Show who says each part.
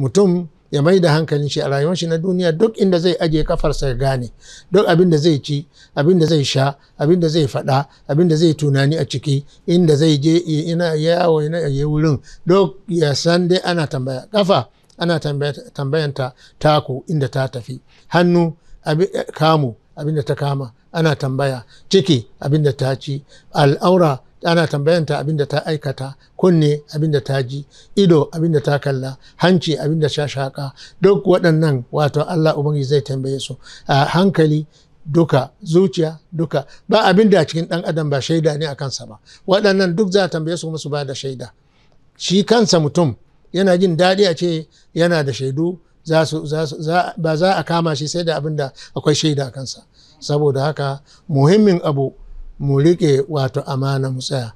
Speaker 1: mutum ya mai da hankalin shi a rayuwar shi na duniya duk inda zai aje kafarsa ya gane duk abin da zai ci abin da zai sha abin da zai faɗa abin da zai tunani a ciki inda zai je ina yawo ina ya wurin duk ya san dai ana tambaya kafa ana tambayanta taku inda ta tafi hannu kamu abin da ta kama ana tambaya ciki abin da ta ci al'aura ana tambayanta abinda ta aikata kunne abinda ta ji ido abinda ta kalla hanci abinda ta shaka duk waɗannan wato Allah ubangiji zai tambaye su a hankali duka zuciya duka ba abinda a cikin ɗan adam ba shaida ne a kansa ba waɗannan duk za a tambaye su kuma ba da shaida shi kansa mutum yana jin daɗi a ce yana da shaidu Za su ba za a kama shi sai da abinda akwai shaida a kansa saboda haka muhimmin abu mu riƙe wato amana mu tsaya